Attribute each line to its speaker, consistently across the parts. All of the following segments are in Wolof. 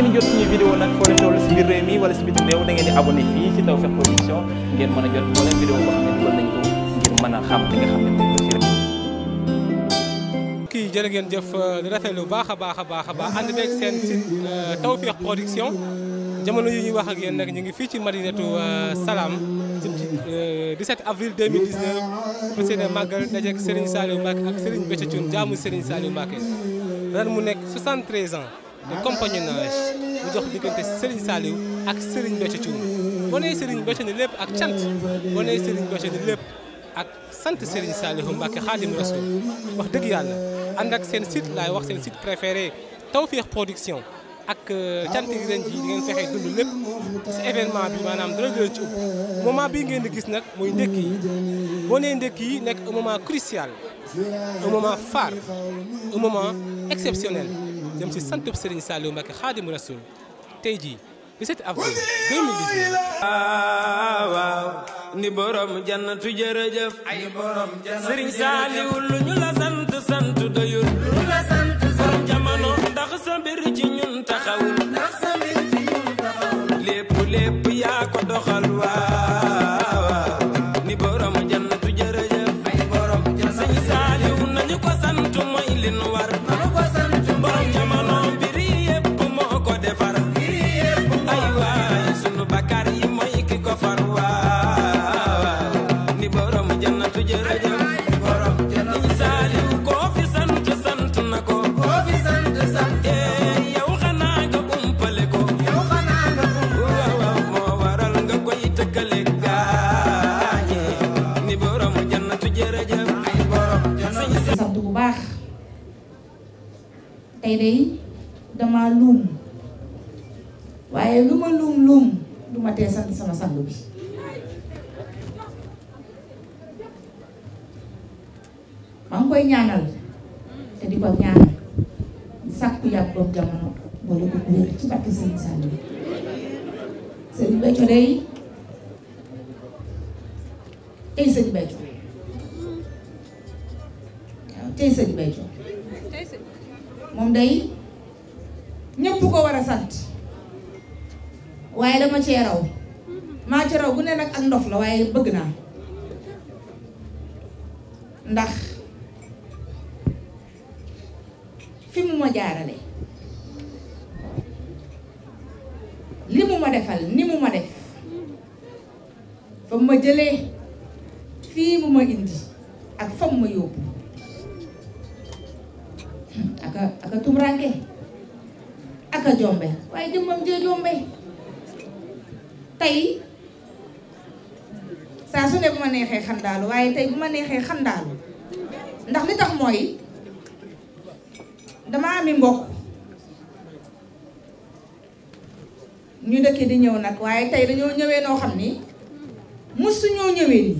Speaker 1: ngeen jot suñu vidéo nag foo leen toll si biir réew mi wala si biti réew a jot moo leen vidéo boo xam ne dugal a xam li nga kii jërë jëf di rafetlu baax a baax a baax a baax ànd beeg seen site euh, Tawfekh Production jamono yi ñuy wax ak yéen nag ñu ngi fii ci Madinatu euh, Salaam 17 euh, avril 2019 fas yéene màggal dajeeg Serigne Saliou Mbacké ak Serigne Béthio Thioune jaamu Serigne Saliou Mbacké ren mu nekk 73 ans. de compagnonnage bu jox diggante Serigne Saliou ak Serigne Béthio Thioune boo nee Serigne Béthio ni lépp ak cant boo nee Serigne Béthio ni lépp ak sant Serigne Saliou Mbacké Khadim Rassoul wax dëgg yàlla ànd ak seen site laay wax seen site préféré Tawfekh Production ak euh, cant gi ren ji ngeen fexe dund lépp ci événement bi maanaam dara dara ci ëpp moment bii ngeen gis nag mooy ndékki yi boo nee ndékki yi nekk un moment crucial un moment phare jëm si santub Serigne Saliou Mbacké Khadimou Rassoul tey jii 17 avril 2019 waaw ni borom jannatu jërëjëf ay borom jannatu jërëjëf Serigne Saliou lu ñu
Speaker 2: tey day dama luum waaye lu ma luum luum du ma tee sama sang bi maa ngi koy ñaanal te di ko ñaanal sàkku yàggoog jamono boole ko wér ci barke sëriñ Sall bi sëriñ Béthio day tey sëriñ Béthio tey sëriñ Béthio moom day ñëpp ko war a sant waaye dama cee raw maa ci raw bu ne nag ak ndof la waaye bëgg naa ndax fi mu ma jaarale li mu ma defal ni mu ma def fa mu ma jëlee fii mu ma indi ak fa mu ma yóbbu ak a ak a jombe waaye jëmmam jee jombe tey saa su ne bu ma neexee xandaalu waaye tey bu ma neexee xandaalu ndax li tax mooy dama ami mbokk ñu dëkkee di ñëw nag waaye tey dañoo ñëwee noo xam ni musu ñoo ñëwee nii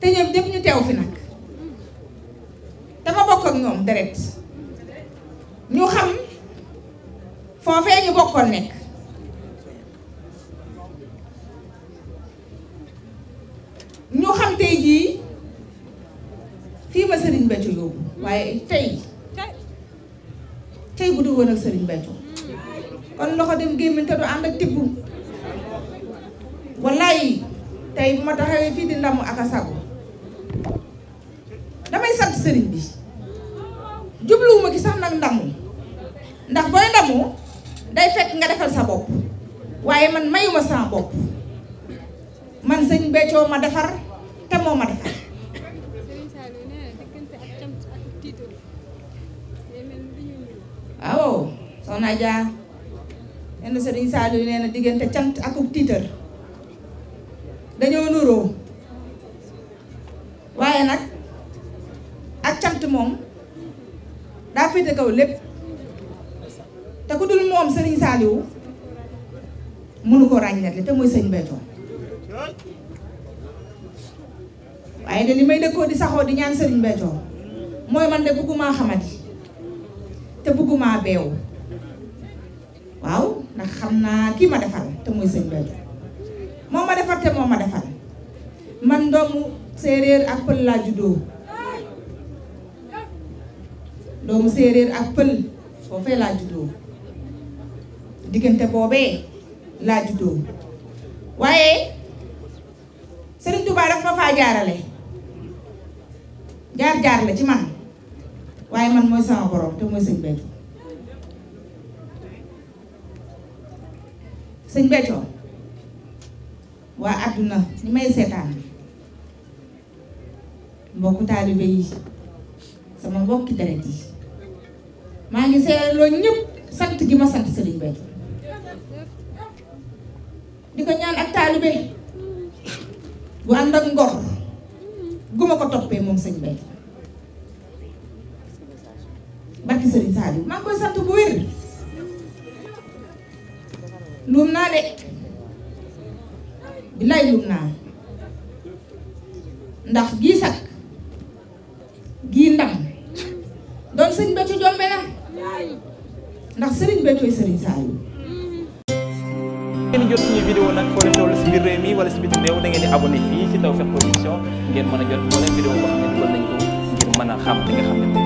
Speaker 2: te ñoom ñëpp ñu teew fi nag dama bokk ak ñoom deret ñu xam foofee ñu bokkoon nekk ñu xam tey jii fii ma Serigne Béthio yóbbu waaye tey tey bu du woon ak Serigne Béthio kon loxo dem gémmiñ te du ànd ak tibb wallaay tey bu ma taxawee fii di ndamu ak a sago damay sant sëriñ bi jubluwuma ki sax nag ndamu ndax booy ndamu day fekk nga defal sa bopp waaye man mayuma sama bopp man sëñ Béthio ma defar te moo ma defar waaw soxna Dia nee na sëriñ Saliou nee na diggante cant akub tiitar dañoo nuroo kaw lépp te ku dul moom Serigne Saliou mënu ko ràññale te mooy sëñ Béthio waaye de li may dëkkoo di saxoo di ñaan Serigne Béthio mooy man de bëgguma xamati te bëgguma beew waaw ndax xam naa kii ma defal te mooy sëñ Béthio moo ma defal te moo ma defal man doomu séeréer ak pël laa juddoo doomu séeréer ak pël foofee laa juddoo diggante boobee laa juddoo waaye Sëriñ Tuubaa daf ma faa jaarale jaar jaar la ci man waaye man mooy sama borom te mooy sëñ Béthio waa àdduna ñi may seetaan mbokku taalibe yi sama mbokki deret yi maa ngi seere loolu ñëpp sant gi ma sant Serigne Bay di ñaan ak taalibe bu ànd ak ngor gu ma ko toppee moom sëñ Bay barki Serigne Saliou maa ngi koy sant bu wér luum naa de billaay luum naa ndax gii sag gii ndam doon sëñ ba ci jombe na ndax Serigne Béthio Serigne Saliou. ngeen jot suñu vidéo nag foo leen
Speaker 1: toll si biir réew mi wala si biti réew da ngeen di abonné fii si Tawfekh Production ngeen mën a jot moo leen vidéo boo xam ne dugal nañ ko ngir mën a xam nga xam ne